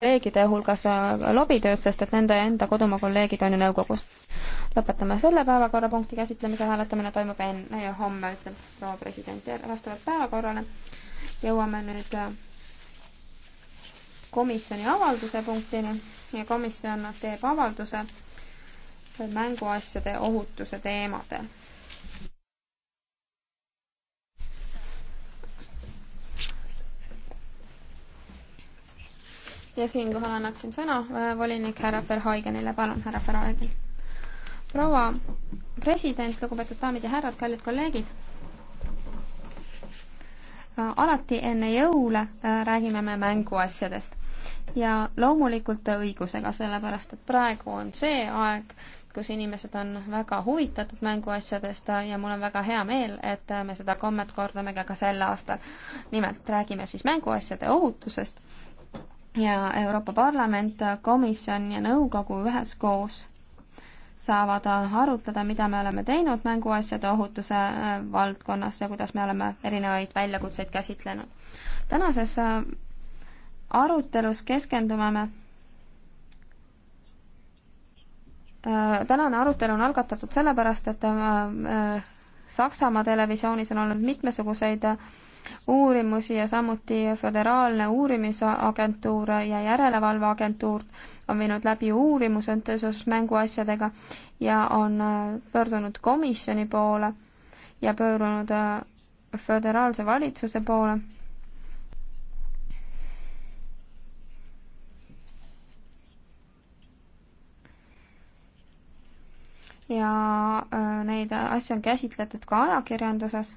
kolleegide hulgas äh, lobitööd, sest et nende enda kodumaa kolleegid on ju nõukogus. lõpetame selle päevakorrapunkti käsitlemise, hääletamine toimub enne ja homme, ütleb proua president, vastavalt päevakorrale. jõuame nüüd äh, komisjoni avalduse punktini ja komisjon teeb avalduse mänguasjade ohutuse teemadel. ja siinkohal annaksin sõna äh, volinik härra Verhoigenile, palun, härra Verhoigen. proua president, lugupeetud daamid ja härrad, kallid kolleegid, äh, alati enne jõule äh, räägime me mänguasjadest ja loomulikult õigusega, sellepärast et praegu on see aeg, kus inimesed on väga huvitatud mänguasjadest ja mul on väga hea meel, et me seda kommet kordame ka sel aastal. nimelt räägime siis mänguasjade ohutusest ja Euroopa Parlament, komisjon ja nõukogu üheskoos saavad arutada, mida me oleme teinud mänguasjade ohutuse äh, valdkonnas ja kuidas me oleme erinevaid väljakutseid käsitlenud. tänases äh, arutelus keskendume me äh, tänane arutelu on algatatud sellepärast, et Saksamaa televisioonis on olnud mitmesuguseid uurimusi ja samuti Föderaalne Uurimisagentuur ja Järelevalveagentuur on viinud läbi uurimused seoses mänguasjadega ja on äh, pöördunud komisjoni poole ja pöördunud äh, föderaalse valitsuse poole. ja äh, neid asju on käsitletud ka ajakirjanduses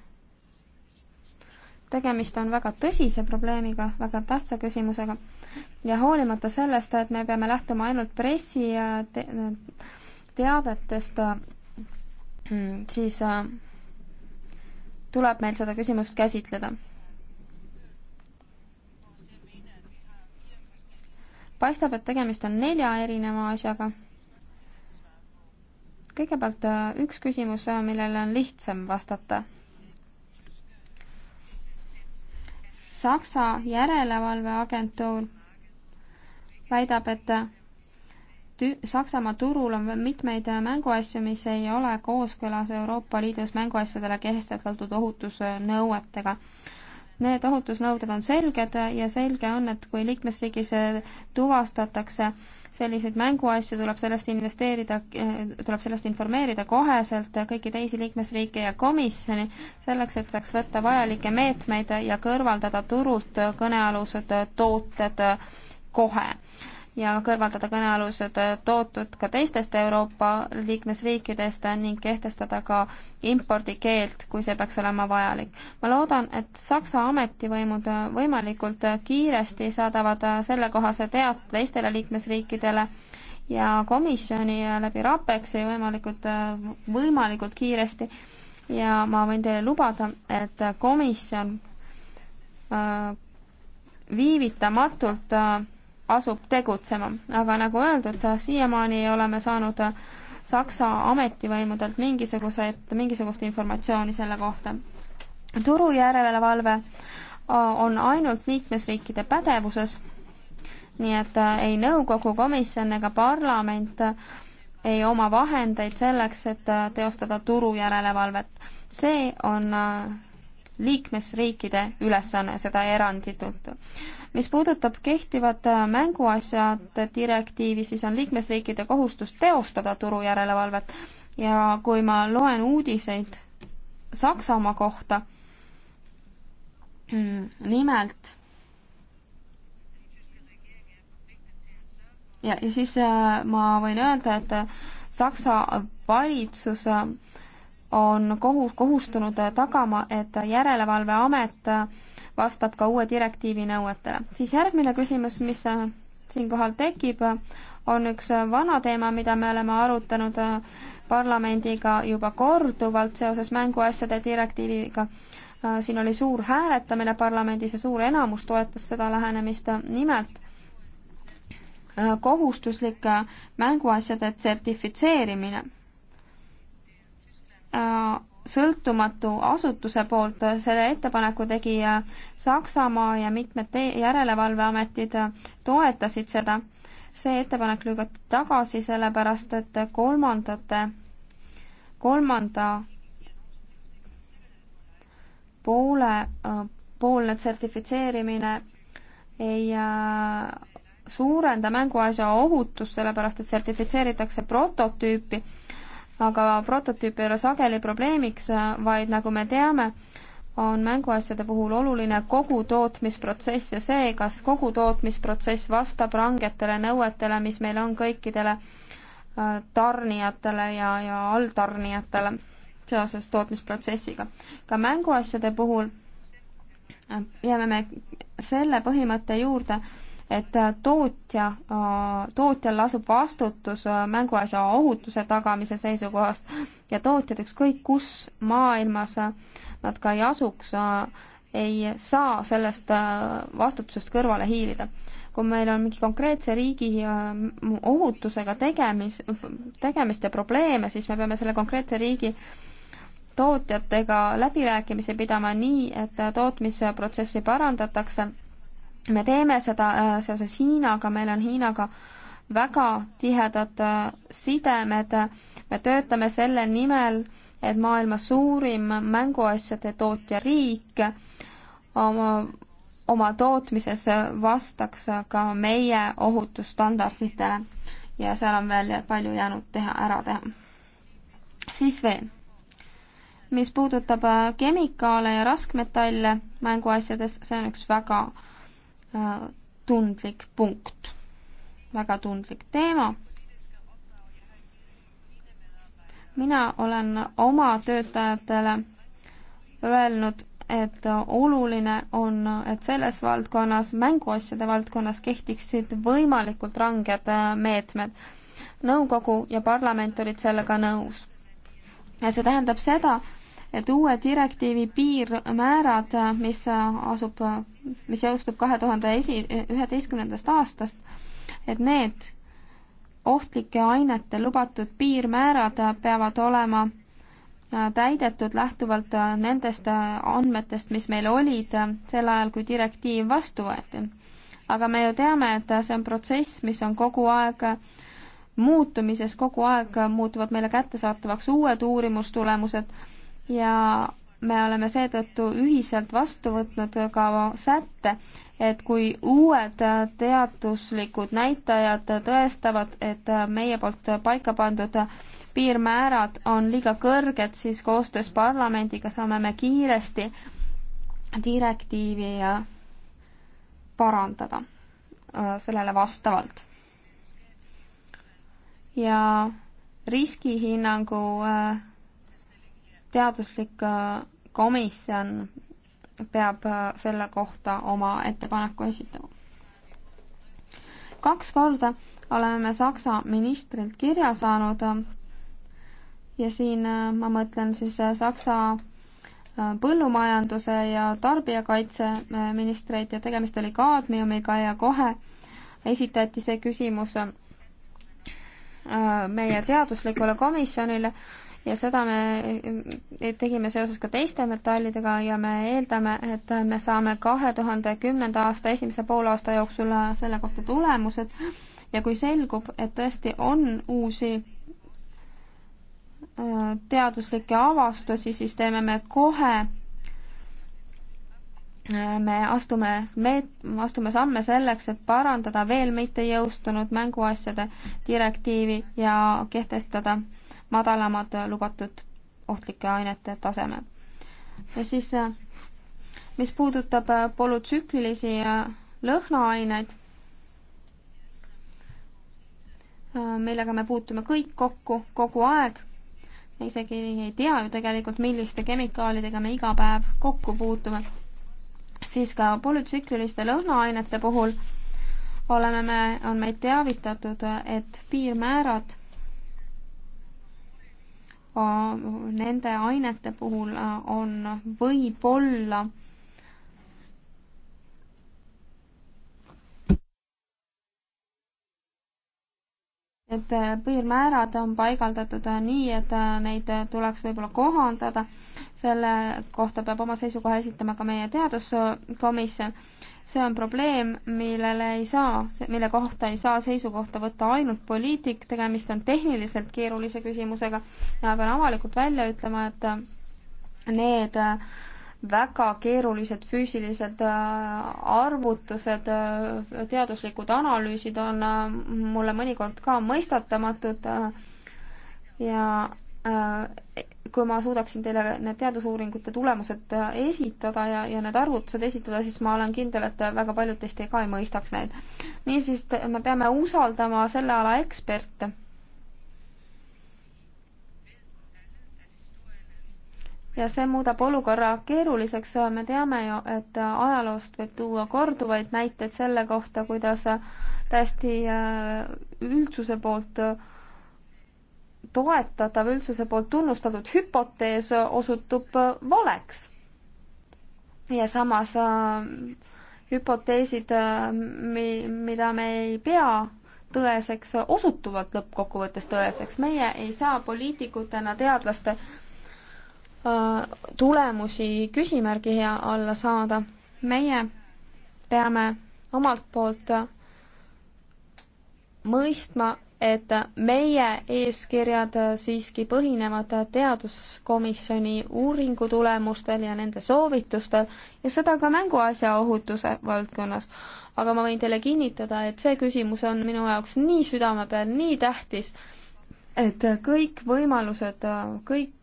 tegemist on väga tõsise probleemiga, väga tähtsa küsimusega ja hoolimata sellest, et me peame lähtuma ainult pressi ja te teadetest, siis tuleb meil seda küsimust käsitleda. paistab, et tegemist on nelja erineva asjaga. kõigepealt üks küsimus, millele on lihtsam vastata Saksa järelevalveagentuur väidab, et tü-, Saksamaa turul on mitmeid mänguasju, mis ei ole kooskõlas Euroopa Liidus mänguasjadele kehtestatud ohutusnõuetega. Need ohutusnõuded on selged ja selge on, et kui liikmesriigis äh, tuvastatakse selliseid mänguasju, tuleb sellest investeerida, äh, tuleb sellest informeerida koheselt kõiki teisi liikmesriike ja komisjoni, selleks et saaks võtta vajalikke meetmeid ja kõrvaldada turult kõnealused äh, tooted kohe ja kõrvaldada kõnealused tooted ka teistest Euroopa liikmesriikidest ning kehtestada ka impordikeeld, kui see peaks olema vajalik. ma loodan, et Saksa ametivõimud võimalikult kiiresti saadavad sellekohase teate teistele liikmesriikidele ja komisjoni läbi RAPEX-i võimalikult, võimalikult kiiresti ja ma võin teile lubada, et komisjon äh, viivitamatult äh, asub tegutsema. aga nagu öeldud, siiamaani ei ole me saanud Saksa ametivõimudelt mingisuguseid, mingisugust informatsiooni selle kohta. turu järelevalve äh, on ainult liikmesriikide pädevuses, nii et äh, ei nõukogu komisjon ega parlament äh, ei oma vahendeid selleks, et teostada turu järelevalvet. see on liikmesriikide ülesanne, seda eranditult. mis puudutab kehtivat äh, mänguasjade direktiivi, siis on liikmesriikide kohustus teostada turujärelevalvet ja kui ma loen uudiseid Saksamaa kohta, mm, nimelt ja, ja siis äh, ma võin öelda, et Saksa valitsus äh, on kohus, kohustunud tagama, et Järelevalveamet vastab ka uue direktiivi nõuetele. siis järgmine küsimus, mis siinkohal tekib, on üks vana teema, mida me oleme arutanud parlamendiga juba korduvalt seoses mänguasjade direktiiviga. siin oli suur hääletamine parlamendis ja suur enamus toetas seda lähenemist, nimelt kohustuslik mänguasjade sertifitseerimine Äh, sõltumatu asutuse poolt, äh, selle ettepaneku tegi äh, Saksamaa ja mitmed järelevalveametid toetasid seda. see ettepanek lükati tagasi, sellepärast et kolmandate, kolmanda poole, poolne sertifitseerimine ei suurenda mänguasja ohutust, sellepärast et sertifitseeritakse prototüüpi aga prototüüp ei ole sageli probleemiks, vaid nagu me teame, on mänguasjade puhul oluline kogu tootmisprotsess ja see, kas kogu tootmisprotsess vastab rangetele nõuetele, mis meil on kõikidele äh, tarnijatele ja, ja alltarnijatele seoses tootmisprotsessiga. ka mänguasjade puhul äh, jääme me selle põhimõtte juurde, et äh, tootja, äh, tootjal lasub vastutus äh, mänguasja ohutuse tagamise seisukohast ja tootjad ükskõik kus maailmas nad ka ei asuks, ei saa sellest vastutusest kõrvale hiilida. kui meil on mingi konkreetse riigi ohutusega tegemis, tegemist ja probleeme, siis me peame selle konkreetse riigi tootjatega läbirääkimisi pidama nii, et tootmisprotsessi parandatakse me teeme seda äh, seoses Hiinaga, meil on Hiinaga väga tihedad äh, sidemed, me töötame selle nimel, et maailma suurim mänguasjade tootja riik oma, oma tootmises äh, vastaks ka meie ohutusstandarditele ja seal on veel palju jäänud teha, ära teha. siis veel, mis puudutab kemikaale ja raskmetalle mänguasjades, see on üks väga äh, Äh, tundlik punkt, väga tundlik teema. mina olen oma töötajatele öelnud, et oluline on, et selles valdkonnas, mänguasjade valdkonnas kehtiksid võimalikult ranged äh, meetmed. nõukogu ja parlament olid sellega nõus. ja see tähendab seda, et uue direktiivi piirmäärad, mis asub, mis jõustub kahe tuhande esi, üheteistkümnendast aastast, et need ohtlike ainete lubatud piirmäärad peavad olema äh, täidetud lähtuvalt äh, nendest äh, andmetest, mis meil olid sel ajal, kui direktiiv vastu võeti. aga me ju teame, et see on protsess, mis on kogu aeg muutumises, kogu aeg muutuvad meile kättesaatavaks uued uurimustulemused ja me oleme seetõttu ühiselt vastu võtnud ka sätte, et kui uued teaduslikud näitajad tõestavad, et meie poolt paika pandud piirmäärad on liiga kõrged, siis koostöös parlamendiga saame me kiiresti direktiivi parandada äh, sellele vastavalt. ja riskihinnangu äh, teaduslik äh, komisjon peab äh, selle kohta oma ettepaneku esitama. kaks korda oleme me Saksa ministrilt kirja saanud äh, ja siin ma mõtlen siis Saksa põllumajanduse ja tarbijakaitseministreid ja tegemist oli kaadmiumiga ja kohe esitati see küsimus meie teaduslikule komisjonile ja seda me eh, tegime seoses ka teiste metallidega ja me eeldame, et me saame kahe tuhande kümnenda aasta esimese poolaasta jooksul äh, selle kohta tulemused ja kui selgub, et tõesti on uusi äh, teaduslikke avastusi, siis teeme me kohe me astume meet-, astume samme selleks, et parandada veel mitte jõustunud mänguasjade direktiivi ja kehtestada madalamad lubatud ohtlike ainete tasemed. ja siis, mis puudutab polütsüklilisi lõhnaaineid, millega me puutume kõik kokku kogu aeg. me isegi ei tea ju tegelikult, milliste kemikaalidega me iga päev kokku puutume siis ka polütsükliliste lõhnaainete puhul oleme me, on meid teavitatud, et piirmäärad nende ainete puhul on võib-olla et e, piirmäärad on paigaldatud nii, et e, neid tuleks võib-olla kohandada selle kohta peab oma seisukoha esitama ka meie teaduskomisjon. see on probleem, millele ei saa, mille kohta ei saa seisukohta võtta ainult poliitik, tegemist on tehniliselt keerulise küsimusega ja pean avalikult välja ütlema, et need väga keerulised füüsilised äh, arvutused, äh, teaduslikud analüüsid on äh, mulle mõnikord ka mõistatamatud ja kui ma suudaksin teile need teadusuuringute tulemused äh, esitada ja, ja need arvutused esitada, siis ma olen kindel, et väga paljud teist ka ei mõistaks neid. niisiis, me peame usaldama selle ala eksperte. ja see muudab olukorra keeruliseks, me teame ju, et ajaloost võib tuua korduvaid näiteid selle kohta, kuidas täiesti äh, üldsuse poolt äh, toetatav üldsuse poolt tunnustatud hüpotees osutub valeks. ja samas äh, hüpoteesid, äh, mi-, mida me ei pea tõeseks, osutuvad lõppkokkuvõttes tõeseks. meie ei saa poliitikutena teadlaste äh, tulemusi küsimärgi alla saada. meie peame omalt poolt mõistma et meie eeskirjad siiski põhinevad teaduskomisjoni uuringutulemustel ja nende soovitustel ja seda ka mänguasja ohutuse valdkonnas. aga ma võin teile kinnitada, et see küsimus on minu jaoks nii südame peal, nii tähtis, et kõik võimalused, kõik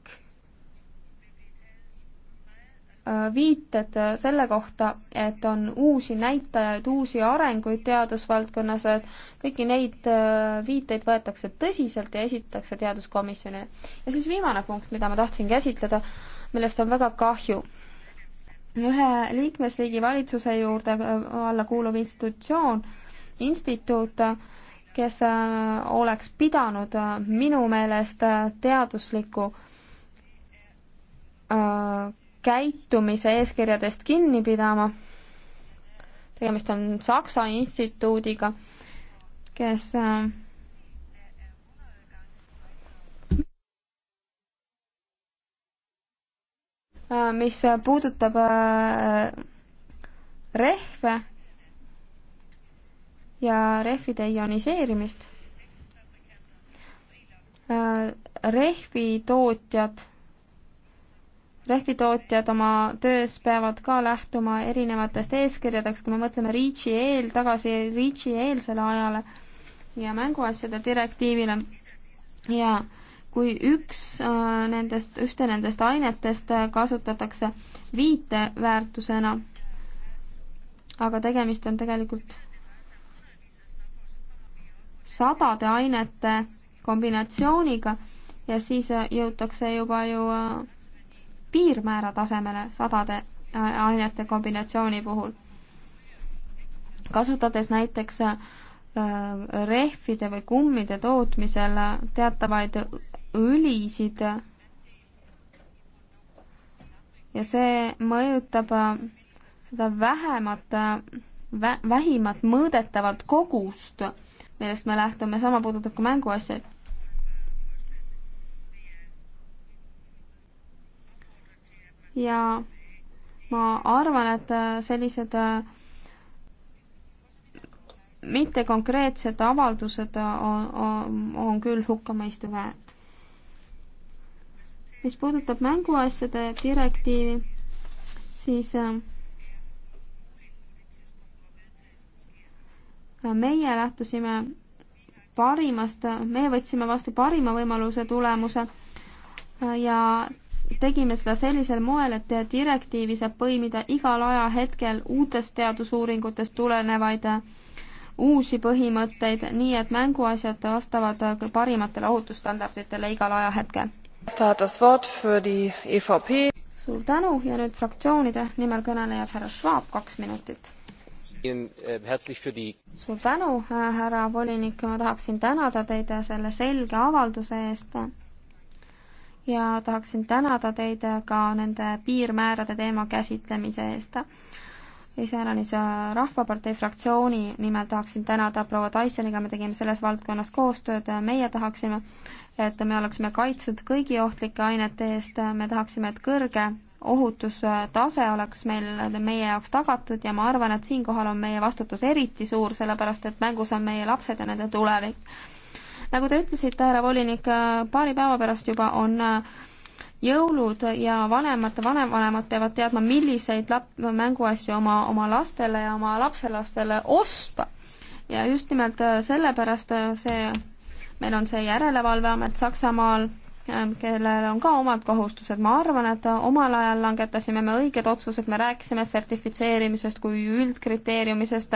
viited selle kohta, et on uusi näitajaid, uusi arenguid teadusvaldkonnas, et kõiki neid äh, viiteid võetakse tõsiselt ja esitatakse teaduskomisjonile. ja siis viimane punkt, mida ma tahtsin käsitleda, millest on väga kahju. ühe liikmesriigi valitsuse juurde äh, alla kuuluv institutsioon, instituut, kes äh, oleks pidanud minu meelest teadusliku käitumise eeskirjadest kinni pidama. tegemist on Saksa instituudiga, kes äh, mis puudutab äh, rehve ja rehvide ioniseerimist, äh, rehvitootjad rehvitootjad oma töös peavad ka lähtuma erinevatest eeskirjadest, kui me mõtleme REACH-i eel, tagasi REACH-i eelsele ajale ja mänguasjade direktiivile ja kui üks äh, nendest, ühte nendest ainetest äh, kasutatakse viiteväärtusena, aga tegemist on tegelikult sadade ainete kombinatsiooniga ja siis äh, jõutakse juba ju piirmäära tasemele sadade äh, ainete kombinatsiooni puhul. kasutades näiteks äh, rehvide või kummide tootmisel äh, teatavaid õlisid ja see mõjutab seda vähemat, vähimat mõõdetavat kogust, millest me lähtume, sama puudutab ka mänguasjaid ja ma arvan, et äh, sellised äh, mittekonkreetsed avaldused äh, on, on, on küll hukkamõistu väärt. mis puudutab mänguasjade direktiivi, siis meie lähtusime parimast, meie võtsime vastu parima võimaluse tulemuse ja tegime seda sellisel moel, et direktiivi saab põimida igal ajahetkel uutest teadusuuringutest tulenevaid äh, uusi põhimõtteid, nii et mänguasjad vastavad äh, parimatele ohutusstandarditele igal ajahetkel. E suur tänu ja nüüd fraktsioonide nimel kõnelejad härra Schwab, kaks minutit. Äh, suur tänu, härra volinik, ma tahaksin tänada teid selle selge avalduse eest ja tahaksin tänada teid ka nende piirmäärade teema käsitlemise eest. iseäranis äh, Rahvapartei fraktsiooni nimel tahaksin tänada proua Tysoniga, me tegime selles valdkonnas koostööd, äh, meie tahaksime, et me oleksime kaitstud kõigi ohtlike ainete eest, äh, me tahaksime, et kõrge ohutustase oleks meil meie jaoks tagatud ja ma arvan, et siinkohal on meie vastutus eriti suur, sellepärast et mängus on meie lapsed ja nende tulevik nagu te ütlesite, härra volinik, paari päeva pärast juba on äh, jõulud ja vanemate vanavanemad peavad teadma, milliseid lap-, mänguasju oma, oma lastele ja oma lapselastele osta. ja just nimelt äh, sellepärast äh, see, meil on see Järelevalveamet Saksamaal, kellel on ka omad kohustused, ma arvan, et omal ajal langetasime me õiged otsused, me rääkisime sertifitseerimisest kui üldkriteeriumisest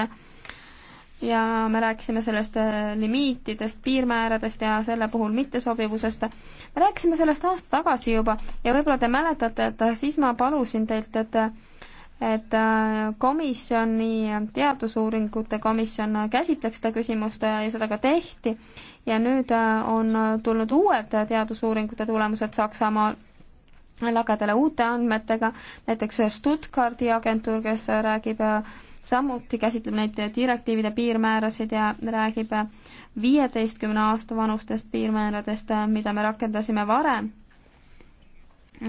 ja me rääkisime sellest äh, limiitidest, piirmääradest ja selle puhul mittesobivusest. me rääkisime sellest aasta tagasi juba ja võib-olla te mäletate, et äh, siis ma palusin teilt, et et äh, komisjoni, teadusuuringute komisjon käsitleks seda küsimust ja seda ka tehti ja nüüd on tulnud uued teadusuuringute tulemused Saksamaal lagedale uute andmetega, näiteks Stuttgardi agentuur, kes räägib samuti käsitleb neid direktiivide piirmäärasid ja räägib viieteistkümne aasta vanustest piirmääradest, mida me rakendasime varem.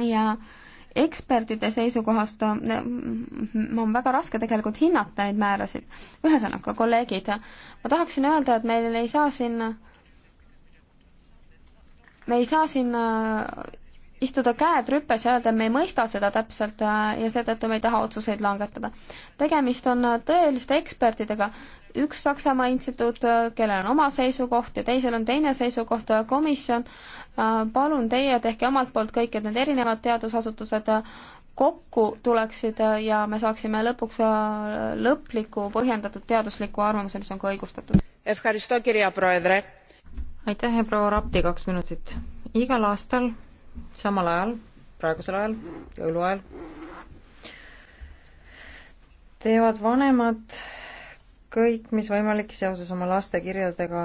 ja ekspertide seisukohast on, on väga raske tegelikult hinnata neid määrasid. ühesõnaga, kolleegid, ma tahaksin öelda, et meil ei saa siin, me ei saa siin istuda käed rüpes ja öelda, et me ei mõista seda täpselt äh, ja seetõttu me ei taha otsuseid langetada. tegemist on äh, tõeliste ekspertidega, üks Saksamaa instituut, äh, kellel on oma seisukoht ja teisel on teine seisukoht, komisjon, palun teie tehke omalt poolt kõik, et need erinevad teadusasutused kokku tuleksid ja me saaksime lõpuks lõpliku põhjendatud teadusliku arvamuse, mis on ka õigustatud. aitäh ja proua Rapti, kaks minutit. igal aastal samal ajal, praegusel ajal, jõuluajal, teevad vanemad kõik, mis võimalik seoses oma laste kirjadega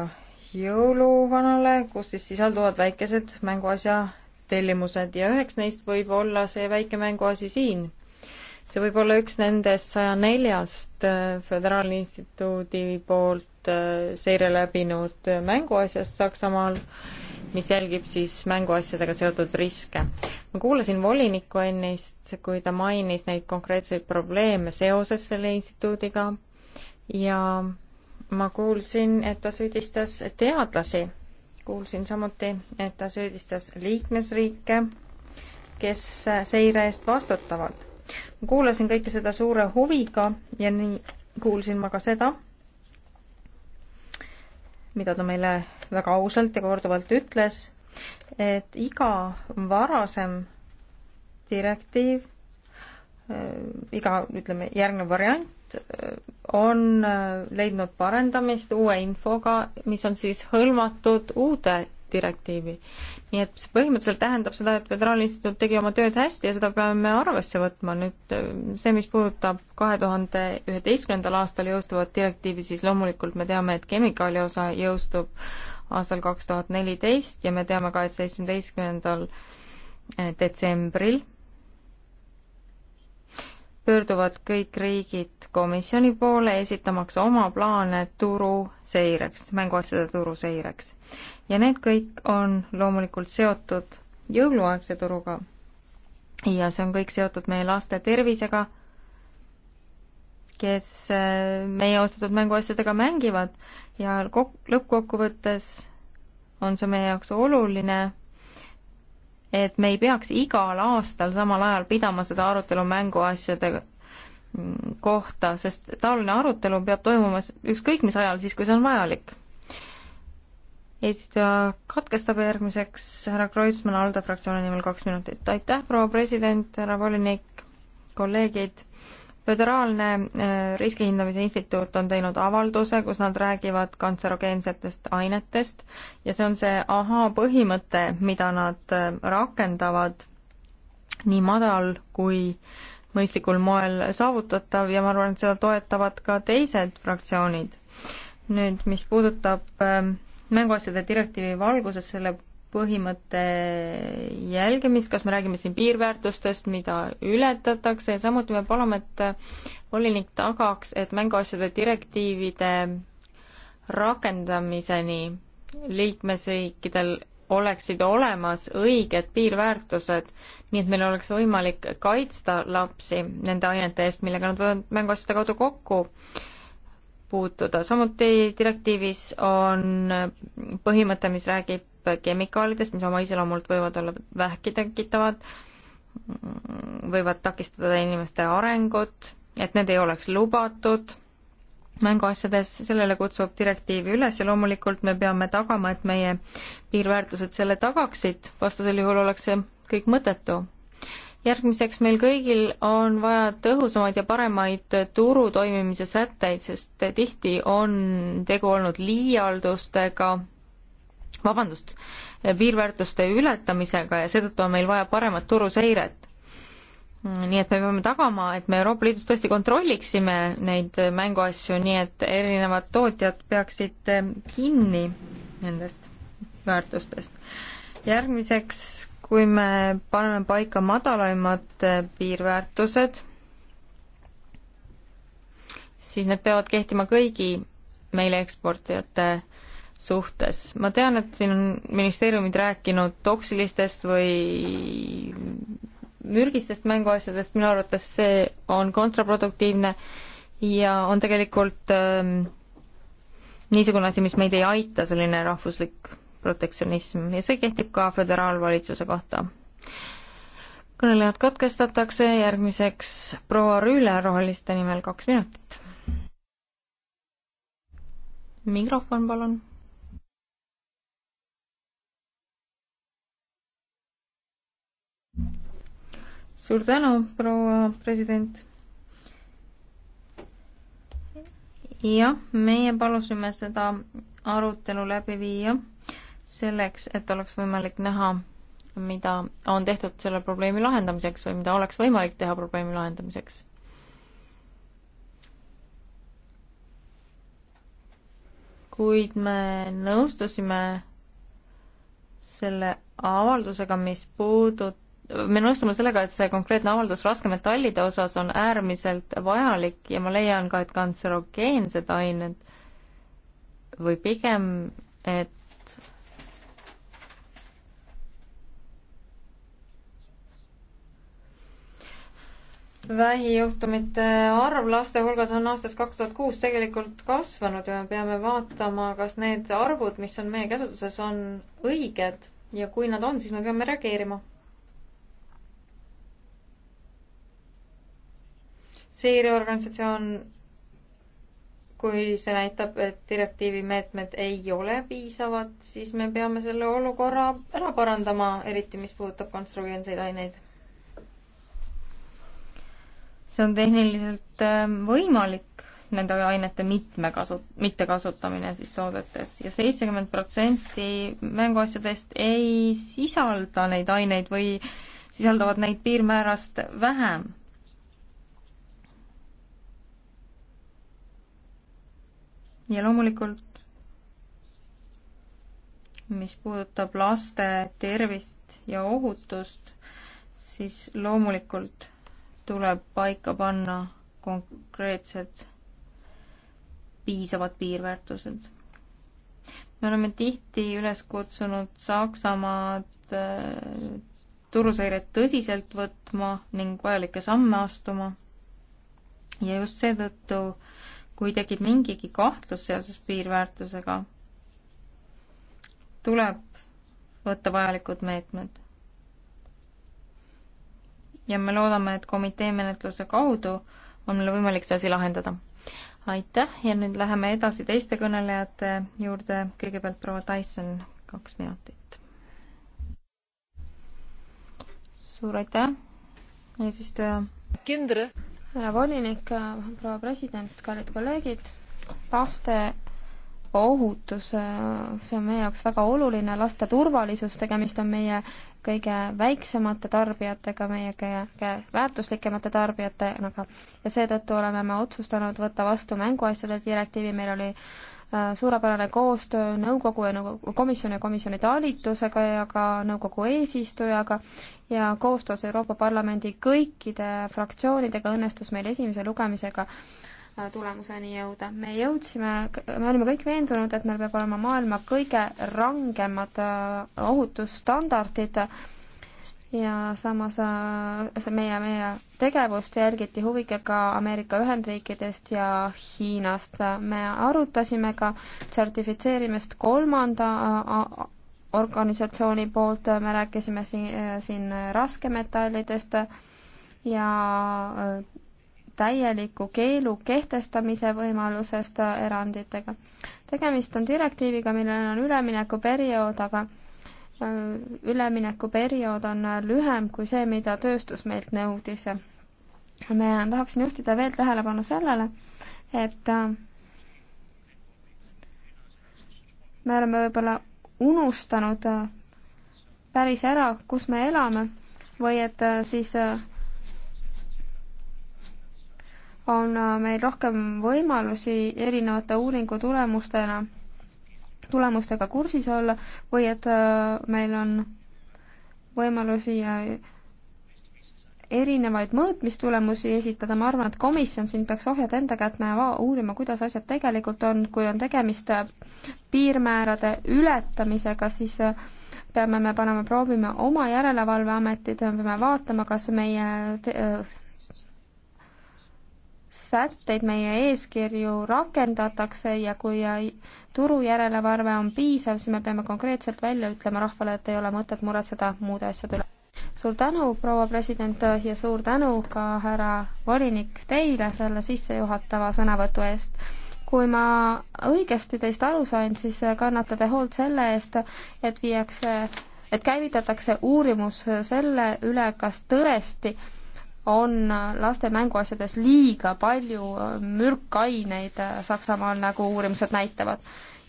jõuluvanale, kus siis sisalduvad väikesed mänguasja tellimused ja üheks neist võib olla see väike mänguasi siin. see võib olla üks nendest saja neljast äh, Föderaalinstituudi poolt äh, seire läbinud mänguasjast Saksamaal mis jälgib siis mänguasjadega seotud riske. ma kuulasin volinikku ennist, kui ta mainis neid konkreetseid probleeme seoses selle instituudiga ja ma kuulsin, et ta süüdistas teadlasi. kuulsin samuti, et ta süüdistas liikmesriike, kes seire eest vastutavad. ma kuulasin kõike seda suure huviga ja nii kuulsin ma ka seda, mida ta meile väga ausalt ja korduvalt ütles, et iga varasem direktiiv, äh, iga, ütleme, järgnev variant äh, on äh, leidnud parendamist uue infoga, mis on siis hõlmatud uude direktiivi. nii et see põhimõtteliselt tähendab seda, et Föderaalinstituut tegi oma tööd hästi ja seda peame arvesse võtma. nüüd äh, see, mis puudutab kahe tuhande üheteistkümnendal aastal jõustuvat direktiivi, siis loomulikult me teame, et kemikaali osa jõustub aastal kaks tuhat neliteist ja me teame ka, et seitsmeteistkümnendal äh, detsembril pöörduvad kõik riigid komisjoni poole, esitamaks oma plaane turu seireks, mänguasjade turu seireks. ja need kõik on loomulikult seotud jõuluaegse turuga. ja see on kõik seotud meie laste tervisega, kes äh, meie ostetud mänguasjadega mängivad ja kok-, lõppkokkuvõttes on see meie jaoks oluline et me ei peaks igal aastal samal ajal pidama seda arutelu mänguasjade kohta, sest taoline arutelu peab toimuma ükskõik mis ajal, siis kui see on vajalik. eesistuja katkestab järgmiseks härra Kreutzmann ALDE fraktsiooni nimel kaks minutit. aitäh, proua president, härra volinik, kolleegid föderaalne äh, riskihindamise instituut on teinud avalduse, kus nad räägivad kantserogeensetest ainetest ja see on see ahaa põhimõte, mida nad äh, rakendavad nii madal kui mõistlikul moel saavutatav ja ma arvan, et seda toetavad ka teised fraktsioonid. nüüd, mis puudutab ähm, mänguasjade direktiivi valguses selle põhimõtte jälgimist, kas me räägime siin piirväärtustest, mida ületatakse ja samuti me palume, et volinik tagaks, et mänguasjade direktiivide rakendamiseni liikmesriikidel oleksid olemas õiged piirväärtused, nii et meil oleks võimalik kaitsta lapsi nende ainete eest, millega nad võivad mänguasjade kaudu kokku äh, puutuda. samuti direktiivis on põhimõte, mis räägib kemikaalidest, mis oma iseloomult võivad olla vähki tekitavad, võivad takistada inimeste arengut, et need ei oleks lubatud mänguasjades, sellele kutsub direktiiv üles ja loomulikult me peame tagama, et meie piirväärtused selle tagaksid, vastasel juhul oleks see kõik mõttetu järgmiseks meil kõigil on vaja tõhusamaid ja paremaid turu toimimise sätteid, sest tihti on tegu olnud liialdustega, vabandust, piirväärtuste ületamisega ja seetõttu on meil vaja paremat turuseiret. nii et me peame tagama, et me Euroopa Liidus tõesti kontrolliksime neid mänguasju, nii et erinevad tootjad peaksid kinni nendest väärtustest. järgmiseks kui me paneme paika madalaimad eh, piirväärtused, siis need peavad kehtima kõigi meile eksportijate suhtes. ma tean, et siin on ministeeriumid rääkinud toksilistest või mürgistest mänguasjadest, minu arvates see on kontraproduktiivne ja on tegelikult ähm, niisugune asi, mis meid ei aita, selline rahvuslik protektsionism ja see kehtib ka föderaalvalitsuse kohta. kõnelejad katkestatakse, järgmiseks proua Rüüle Roheliste nimel kaks minutit. mikrofon, palun. suur tänu, proua president jah, meie palusime seda arutelu läbi viia selleks, et oleks võimalik näha, mida on tehtud selle probleemi lahendamiseks või mida oleks võimalik teha probleemi lahendamiseks. kuid me nõustusime selle avaldusega, mis puudut-, me nõustume sellega, et see konkreetne avaldus raskemetallide osas on äärmiselt vajalik ja ma leian ka, et kantserogeensed ained või pigem, et vähijuhtumite arv laste hulgas on aastast kaks tuhat kuus tegelikult kasvanud ja me peame vaatama, kas need arvud, mis on meie käsutuses, on õiged ja kui nad on, siis me peame reageerima. seireorganisatsioon, kui see näitab, et direktiivi meetmed ei ole piisavad, siis me peame selle olukorra ära parandama, eriti mis puudutab konstrueerivaid aineid see on tehniliselt ähm, võimalik, nende ainete mitmekasu, mittekasutamine siis toodetes ja seitsekümmend protsenti mänguasjadest ei sisalda neid aineid või sisaldavad neid piirmäärast vähem. ja loomulikult, mis puudutab laste tervist ja ohutust, siis loomulikult tuleb paika panna konkreetsed piisavad piirväärtused. me oleme tihti üles kutsunud Saksamaad äh, turuseiret tõsiselt võtma ning vajalikke samme astuma. ja just seetõttu, kui tekib mingigi kahtlus seoses piirväärtusega, tuleb võtta vajalikud meetmed ja me loodame, et komitee menetluse kaudu on meil võimalik see asi lahendada. aitäh ja nüüd läheme edasi teiste kõnelejate juurde, kõigepealt proua Tyson, kaks minutit. suur aitäh, eesistuja. kindre. härra volinik, proua president, kallid kolleegid, laste ohutus, see on meie jaoks väga oluline, laste turvalisus, tegemist on meie kõige väiksemate tarbijatega, meie kõige väärtuslikemate tarbijatega ja seetõttu oleme me otsustanud võtta vastu mänguasjade direktiivi, meil oli äh, suurepärane koostöö nõukogu ja nõukogu komisjoni ja komisjoni talitusega ja ka nõukogu eesistujaga ja koostöös Euroopa Parlamendi kõikide fraktsioonidega õnnestus meil esimese lugemisega äh, tulemuseni jõuda. me jõudsime, me olime kõik veendunud, et meil peab olema maailma kõige rangemad äh, ohutusstandardid ja samas äh, see meie, meie tegevust jälgiti huviga ka Ameerika Ühendriikidest ja Hiinast. me arutasime ka sertifitseerimist kolmanda äh, organisatsiooni poolt, me rääkisime siin, siin raskemetallidest ja täieliku keelu kehtestamise võimalusest äh, eranditega. tegemist on direktiiviga, millel on üleminekuperiood, aga äh, üleminekuperiood on äh, lühem kui see, mida tööstus meilt nõudis. ma tahaksin juhtida veel tähelepanu sellele, et me oleme võib-olla unustanud päris ära, kus me elame või et siis on äh, meil rohkem võimalusi erinevate uuringu tulemustena, tulemustega kursis olla või et äh, meil on võimalusi äh, erinevaid mõõtmistulemusi esitada, ma arvan, et komisjon siin peaks ohjad enda kätt näeva uurima, kuidas asjad tegelikult on, kui on tegemist piirmäärade ületamisega, siis peame me panema, proovima oma järelevalveametit, me peame vaatama, kas meie sätteid, meie eeskirju rakendatakse ja kui turujärelevalve on piisav, siis me peame konkreetselt välja ütlema rahvale, et ei ole mõtet muretseda muude asjade üle. suur tänu, proua president, ja suur tänu ka härra volinik teile selle sissejuhatava sõnavõtu eest. kui ma õigesti teist aru sain, siis kannatate hoolt selle eest, et viiakse, et käivitatakse uurimus selle üle, kas tõesti on laste mänguasjades liiga palju mürkaineid Saksamaal, nagu uurimused näitavad.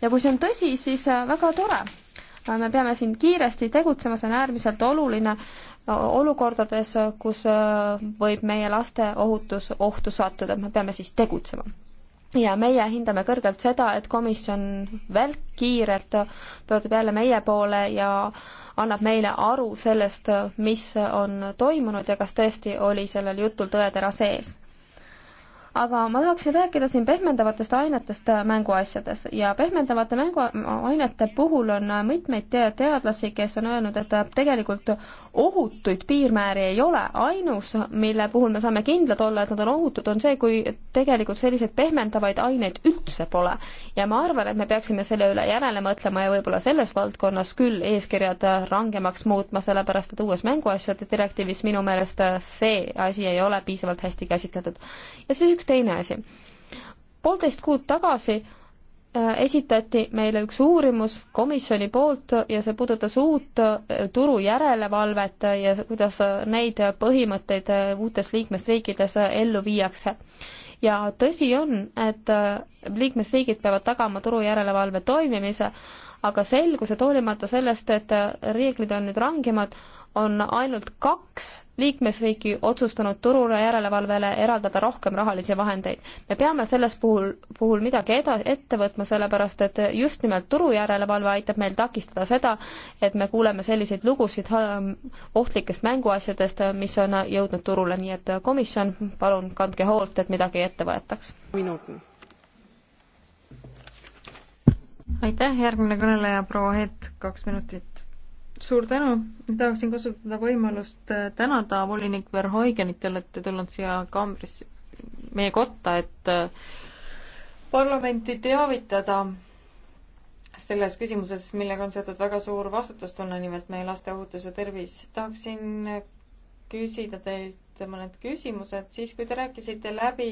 ja kui see on tõsi, siis äh, väga tore. Äh, me peame siin kiiresti tegutsema, see on äärmiselt oluline äh, olukordades, kus võib meie laste ohutus ohtu sattuda, me peame siis tegutsema ja meie hindame kõrgelt seda, et komisjon välkkiirelt pöördub jälle meie poole ja annab meile aru sellest, mis on toimunud ja kas tõesti oli sellel jutul tõetera sees aga ma tahaksin rääkida siin pehmendavatest ainetest äh, mänguasjades ja pehmendavate mänguainete puhul on äh, mitmeid teadlasi, kes on öelnud, et äh, tegelikult ohutuid piirmääri ei ole, ainus, mille puhul me saame kindlad olla, et nad on ohutud, on see, kui tegelikult selliseid pehmendavaid aineid üldse pole. ja ma arvan, et me peaksime selle üle järele mõtlema ja võib-olla selles valdkonnas küll eeskirjad rangemaks muutma, sellepärast et uues mänguasjade direktiivis minu meelest see asi ei ole piisavalt hästi käsitletud. ja siis üks teine asi. poolteist kuud tagasi äh, esitati meile üks uurimus komisjoni poolt ja see puudutas uut äh, turu järelevalvet ja kuidas äh, neid põhimõtteid uutes liikmesriikides ellu viiakse. ja tõsi on, et liikmesriigid peavad tagama turu järelevalve toimimise, aga selgused, hoolimata sellest, et reeglid on nüüd rangemad, on ainult kaks liikmesriiki otsustanud turule järelevalvele eraldada rohkem rahalisi vahendeid. me peame selles puhul, puhul midagi eda-, ette võtma, sellepärast et just nimelt turu järelevalve aitab meil takistada seda, et me kuuleme selliseid lugusid ähm, ohtlikest mänguasjadest, mis on jõudnud turule, nii et äh, komisjon, palun kandke hoolt, et midagi ette võetaks. aitäh, järgmine kõneleja, proua Hett, kaks minutit suur tänu, tahaksin kasutada võimalust äh, tänada volinik Verhoigenit, te olete tulnud siia kaambrisse, meie kotta, et äh, parlamenti teavitada selles küsimuses, millega on seotud väga suur vastutustunne, nimelt meie laste ohutus ja tervis. tahaksin äh, küsida teilt mõned küsimused, siis kui te rääkisite läbi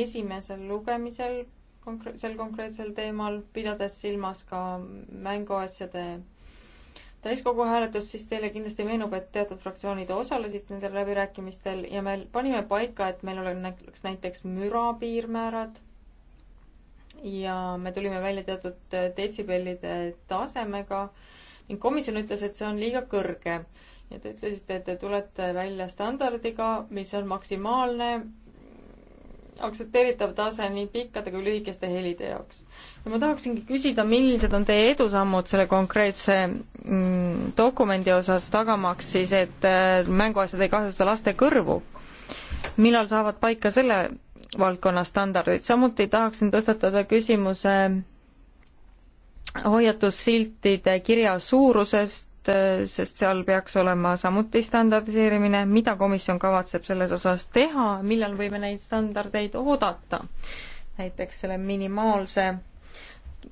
esimesel lugemisel konkre-, sel konkreetsel teemal, pidades silmas ka mänguasjade täiskogu hääletust, siis teile kindlasti meenub, et teatud fraktsioonid osalesid nendel läbirääkimistel ja me panime paika, et meil oleks näiteks müra piirmäärad ja me tulime välja teatud detsibellide tasemega ning komisjon ütles, et see on liiga kõrge. ja te ütlesite, et te tulete välja standardiga, mis on maksimaalne aktsepteeritav tase nii pikkade kui lühikeste helide jaoks. ja ma tahaksingi küsida, millised on teie edusammud selle konkreetse mm, dokumendi osas, tagamaks siis, et äh, mänguasjad ei kahjusta laste kõrvu. millal saavad paika selle valdkonna standardid, samuti tahaksin tõstatada küsimuse hoiatussiltide kirja suurusest, raport, äh, sest seal peaks olema samuti standardiseerimine, mida komisjon kavatseb selles osas teha, millal võime neid standardeid oodata? näiteks selle minimaalse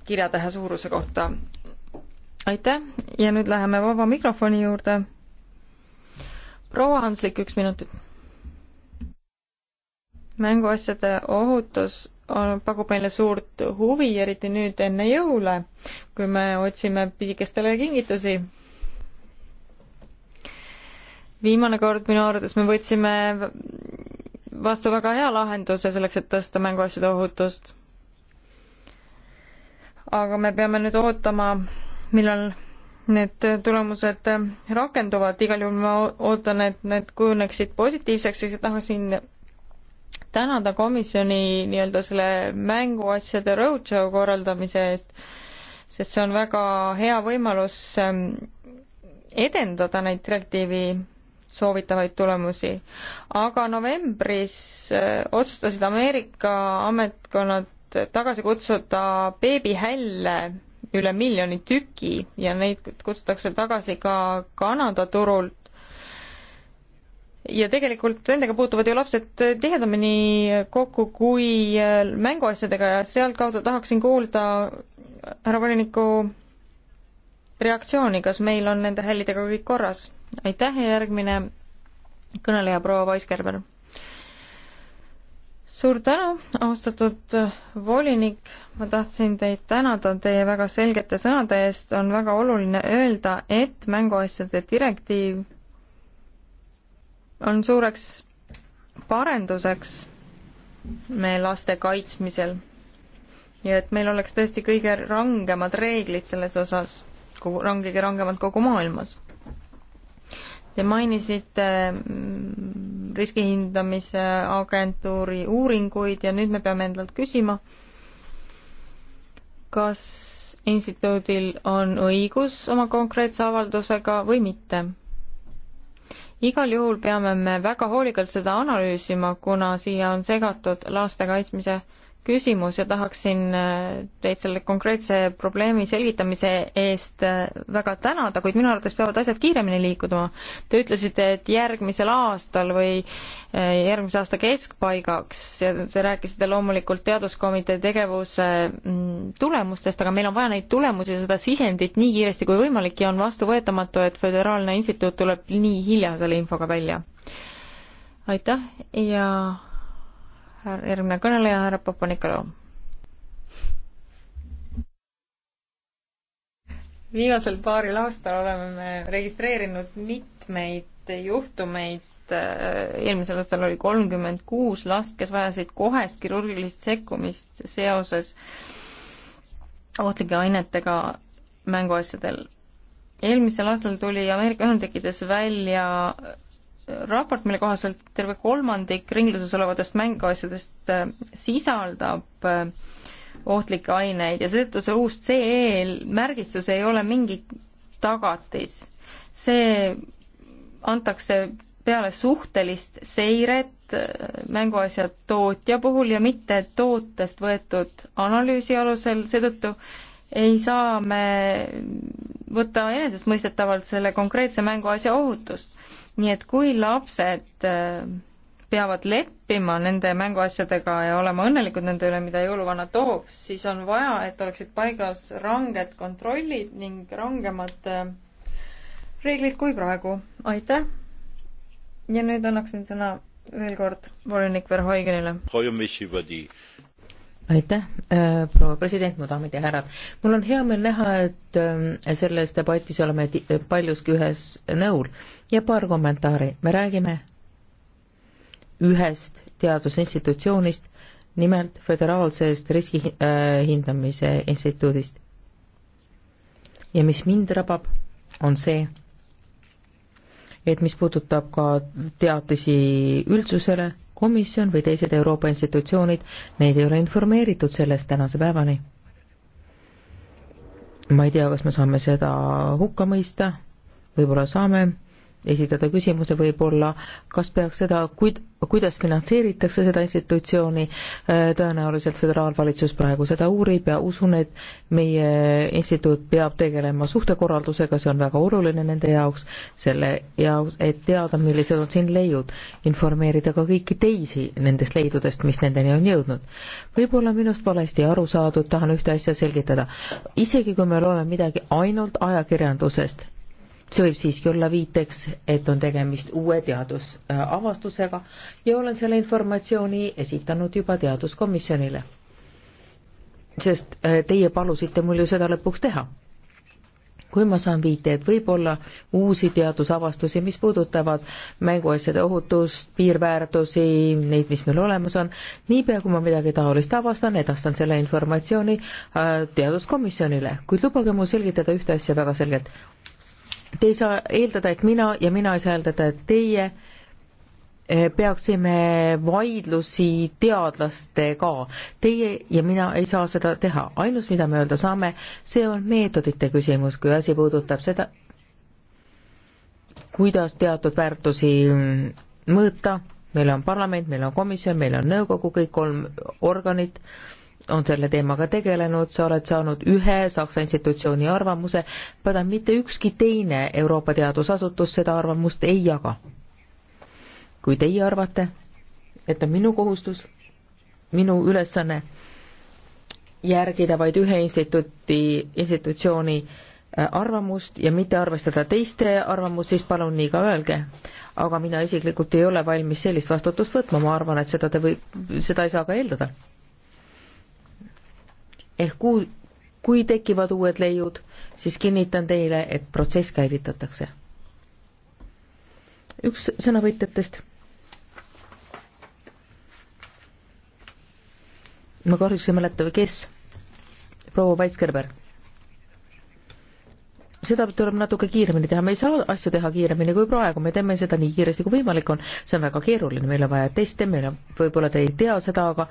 kirjatähe suuruse kohta. aitäh ja nüüd läheme vaba mikrofoni juurde. proua Hanslik, üks minutit. mänguasjade ohutus on, pakub meile suurt huvi, eriti nüüd enne jõule, kui me otsime pisikestele kingitusi viimane kord minu arvates me võtsime vastu väga hea lahenduse selleks, et tõsta mänguasjade ohutust. aga me peame nüüd ootama, millal need tulemused rakenduvad, igal juhul ma ootan, et need kujuneksid positiivseks, eks tahaksin tänada komisjoni nii-öelda selle mänguasjade roadshow korraldamise eest, sest see on väga hea võimalus edendada neid direktiivi soovitavaid tulemusi. aga novembris äh, otsustasid Ameerika ametkonnad tagasi kutsuda beebihälle üle miljoni tüki ja neid kutsutakse tagasi ka Kanada turult. ja tegelikult nendega puutuvad ju lapsed tihedamini kokku kui äh, mänguasjadega ja sealtkaudu tahaksin kuulda härra voliniku reaktsiooni, kas meil on nende hällidega kõik korras? aitäh ja järgmine kõneleja proua Paiskerber. suur tänu, austatud volinik, ma tahtsin teid tänada teie väga selgete sõnade eest, on väga oluline öelda, et mänguasjade direktiiv on suureks parenduseks me laste kaitsmisel ja et meil oleks tõesti kõige rangemad reeglid selles osas, kogu, rangige rangemad kogu maailmas. Te mainisite mm, riskihindamise agentuuri uuringuid ja nüüd me peame endalt küsima, kas instituudil on õigus oma konkreetse avaldusega või mitte. igal juhul peame me väga hoolikalt seda analüüsima, kuna siia on segatud laste kaitsmise küsimus ja tahaksin äh, teid selle konkreetse probleemi selgitamise eest äh, väga tänada, kuid minu arvates peavad asjad kiiremini liikuma. Te ütlesite, et järgmisel aastal või äh, järgmise aasta keskpaigaks ja te rääkisite loomulikult teaduskomitee tegevuse mm, tulemustest, aga meil on vaja neid tulemusi ja seda sisendit nii kiiresti kui võimalik ja on vastuvõetamatu, et Föderaalne Instituut tuleb nii hilja selle infoga välja. aitäh ja järgmine kõneleja, härra Papa-Nikolau. viimasel paaril aastal oleme me registreerinud mitmeid juhtumeid, eelmisel aastal oli kolmkümmend kuus last, kes vajasid kohest kirurgilist sekkumist seoses ohtlike ainetega mänguasjadel. eelmisel aastal tuli Ameerika Ühendriikides välja raport, mille kohaselt terve kolmandik ringluses olevatest mänguasjadest äh, sisaldab äh, ohtlikke aineid ja seetõttu see uus CE märgistus ei ole mingi tagatis. see antakse peale suhtelist seiret äh, mänguasja tootja puhul ja mitte tootest võetud analüüsi alusel, seetõttu ei saa me võtta enesestmõistetavalt selle konkreetse mänguasja ohutust nii et kui lapsed äh, peavad leppima nende mänguasjadega ja olema õnnelikud nende üle, mida jõuluvana toob, siis on vaja, et oleksid paigas ranged kontrollid ning rangemad äh, reeglid kui praegu. aitäh! ja nüüd annaksin sõna veel kord volinik Verhoigenile aitäh, äh, proua president, mu daamid ja härrad. mul on hea meel näha, et äh, selles debatis oleme äh, paljuski ühes nõul ja paar kommentaari. me räägime ühest teadusinstitutsioonist, nimelt Föderaalsest riskihindamise instituudist. ja mis mind rabab, on see, et mis puudutab ka teatisi üldsusele komisjon või teised Euroopa institutsioonid, meid ei ole informeeritud sellest tänase päevani. ma ei tea, kas me saame seda hukka mõista, võib-olla saame esitada küsimuse võib-olla, kas peaks seda, kuid-, kuidas finantseeritakse seda institutsiooni, äh, tõenäoliselt föderaalvalitsus praegu seda uurib ja usun, et meie instituut peab tegelema suhtekorraldusega, see on väga oluline nende jaoks, selle jaoks, et teada, millised on siin leiud, informeerida ka kõiki teisi nendest leidudest, mis nendeni on jõudnud. võib-olla minust valesti aru saadud, tahan ühte asja selgitada. isegi kui me loeme midagi ainult ajakirjandusest, see võib siiski olla viiteks, et on tegemist uue teadusavastusega ja olen selle informatsiooni esitanud juba teaduskomisjonile. sest äh, teie palusite mul ju seda lõpuks teha. kui ma saan viite, et võib-olla uusi teadusavastusi, mis puudutavad mänguasjade ohutust, piirväärtusi, neid, mis meil olemas on, niipea kui ma midagi taolist avastan, edastan selle informatsiooni äh, teaduskomisjonile, kuid lubage mul selgitada ühte asja väga selgelt Te ei saa eeldada, et mina ja mina ei saa eeldada, et teie eh, peaksime vaidlusi teadlastega. Teie ja mina ei saa seda teha. ainus, mida me öelda saame, see on meetodite küsimus, kui asi puudutab seda, kuidas teatud väärtusi mm, mõõta. meil on parlament, meil on komisjon, meil on nõukogu, kõik kolm organit on selle teemaga tegelenud, sa oled saanud ühe Saksa institutsiooni arvamuse, aga mitte ükski teine Euroopa teadusasutus seda arvamust ei jaga. kui teie arvate, et on minu kohustus, minu ülesanne järgida vaid ühe instituuti, institutsiooni äh, arvamust ja mitte arvestada teiste arvamust, siis palun nii ka öelge aga mina isiklikult ei ole valmis sellist vastutust võtma, ma arvan, et seda te või, seda ei saa ka eeldada ehk kui, kui tekivad uued leiud, siis kinnitan teile, et protsess käivitatakse. üks sõnavõtjatest. ma kahjuks ei mäleta, kes. proua Paits-Kerber seda tuleb natuke kiiremini teha, me ei saa asju teha kiiremini kui praegu, me teeme seda nii kiiresti kui võimalik on, see on väga keeruline, meil on vaja teste, meil on, võib-olla te ei tea seda, aga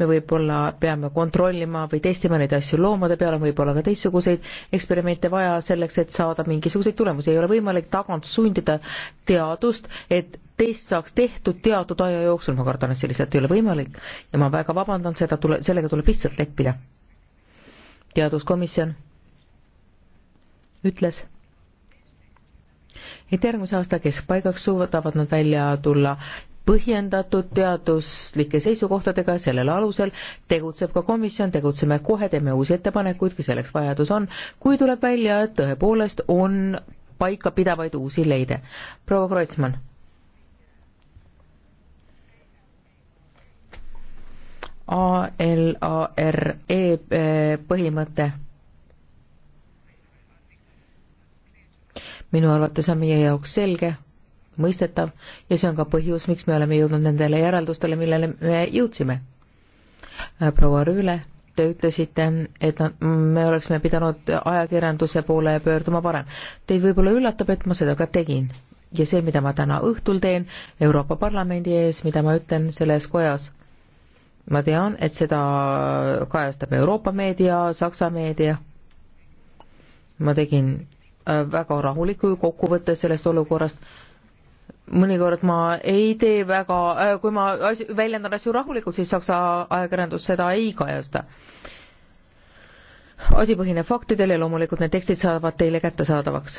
me võib-olla peame kontrollima või testima neid asju loomade peal, on võib-olla ka teistsuguseid eksperimente vaja selleks, et saada mingisuguseid tulemusi, ei ole võimalik tagant sundida teadust, et test saaks tehtud teatud aja jooksul, ma kardan, et see lihtsalt ei ole võimalik ja ma väga vabandan, seda tule, sellega tuleb lihtsalt leppida. teaduskomisjon ütles, et järgmise aasta keskpaigaks suudavad nad välja tulla põhjendatud teaduslike seisukohtadega, sellel alusel tegutseb ka komisjon, tegutseme kohe, teeme uusi ettepanekuid, kui selleks vajadus on, kui tuleb välja, et tõepoolest on paikapidavaid uusi leide. proua Kreutzmann. ALARE eh, põhimõte minu arvates on meie jaoks selge, mõistetav ja see on ka põhjus, miks me oleme jõudnud nendele järeldustele, millele me jõudsime. Äh, proua Rüüle, te ütlesite, et me oleksime pidanud ajakirjanduse poole pöörduma varem. Teid võib-olla üllatab, et ma seda ka tegin ja see, mida ma täna õhtul teen Euroopa Parlamendi ees, mida ma ütlen selles kojas, ma tean, et seda kajastab Euroopa meedia, Saksa meedia, ma tegin väga rahulik kokkuvõte sellest olukorrast. mõnikord ma ei tee väga, kui ma asju, väljendan asju rahulikult, siis Saksa ajakirjandus seda ei kajasta. asi põhineb faktidel ja loomulikult need tekstid saavad teile kättesaadavaks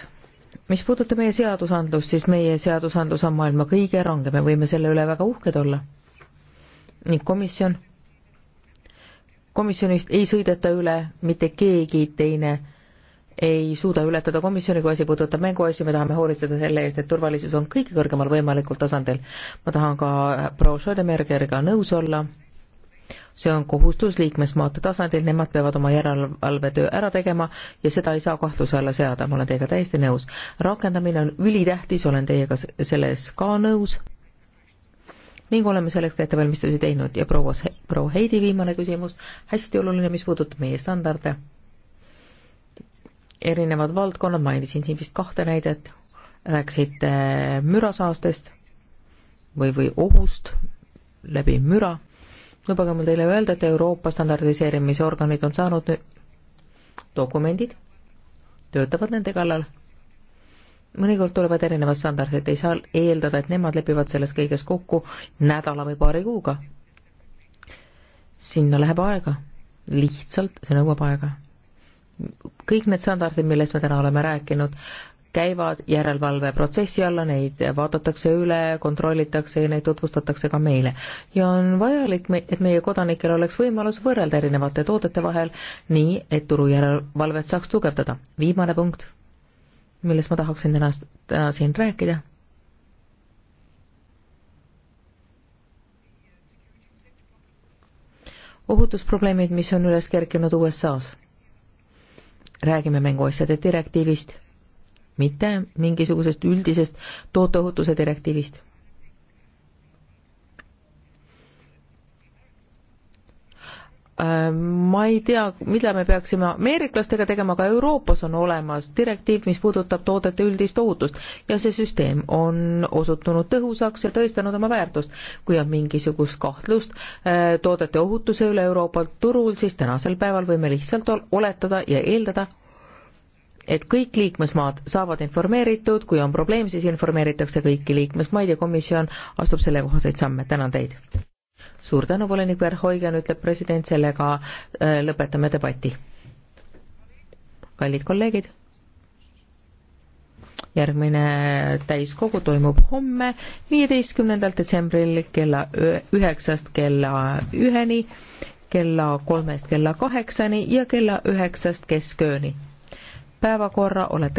mis puudutab meie seadusandlust, siis meie seadusandlus on maailma kõige rangem ja võime selle üle väga uhked olla. ning komisjon? komisjonist ei sõideta üle mitte keegi teine ei suuda ületada komisjoni, kui asi puudutab mänguasju, me tahame hoolitseda selle eest, et turvalisus on kõige kõrgemal võimalikul tasandil. ma tahan ka proua Schoedemergeriga nõus olla, see on kohustus liikmesmaade tasandil, nemad peavad oma järelevalvetöö ära tegema ja seda ei saa kahtluse alla seada, ma olen teiega täiesti nõus. rakendamine on ülitähtis, olen teiega selles ka nõus ning oleme selleks ka ettevalmistusi teinud ja proua, proua Heidi viimane küsimus, hästi oluline, mis puudutab meie standarde erinevad valdkonnad, mainisin siin vist kahte näidet, rääkisite mürasaastest või, või ohust läbi müra. lubage mul teile öelda, et Euroopa standardiseerimisorganid on saanud nüüd dokumendid, töötavad nende kallal. mõnikord tulevad erinevad standardid, ei saa eeldada, et nemad lepivad selles kõiges kokku nädala või paari kuuga. sinna läheb aega, lihtsalt see nõuab aega kõik need standardid, millest me täna oleme rääkinud, käivad järelevalveprotsessi alla, neid vaadatakse üle, kontrollitakse ja neid tutvustatakse ka meile. ja on vajalik, et meie kodanikel oleks võimalus võrrelda erinevate toodete vahel, nii et turujärelevalvet saaks tugevdada. viimane punkt, millest ma tahaksin täna, täna siin rääkida, ohutusprobleemid, mis on üles kerkinud USA-s räägime mänguasjade direktiivist, mitte mingisugusest üldisest tooteohutuse direktiivist. Äh, ma ei tea, mida me peaksime ameeriklastega tegema, aga Euroopas on olemas direktiiv, mis puudutab toodete üldist ohutust ja see süsteem on osutunud tõhusaks ja tõestanud oma väärtust. kui on mingisugust kahtlust äh, toodete ohutuse üle Euroopa turul, siis tänasel päeval võime lihtsalt oletada ja eeldada, et kõik liikmesmaad saavad informeeritud, kui on probleem, siis informeeritakse kõiki liikmesmaid ja komisjon astub sellekohaseid samme. tänan teid! suur tänu, volinik Verhoigen, ütleb president, sellega äh, lõpetame debati. kallid kolleegid, järgmine täiskogu toimub homme, viieteistkümnendal detsembril kella üheksast kella üheni, kella kolmest kella kaheksani ja kella üheksast keskööni. päevakorra olete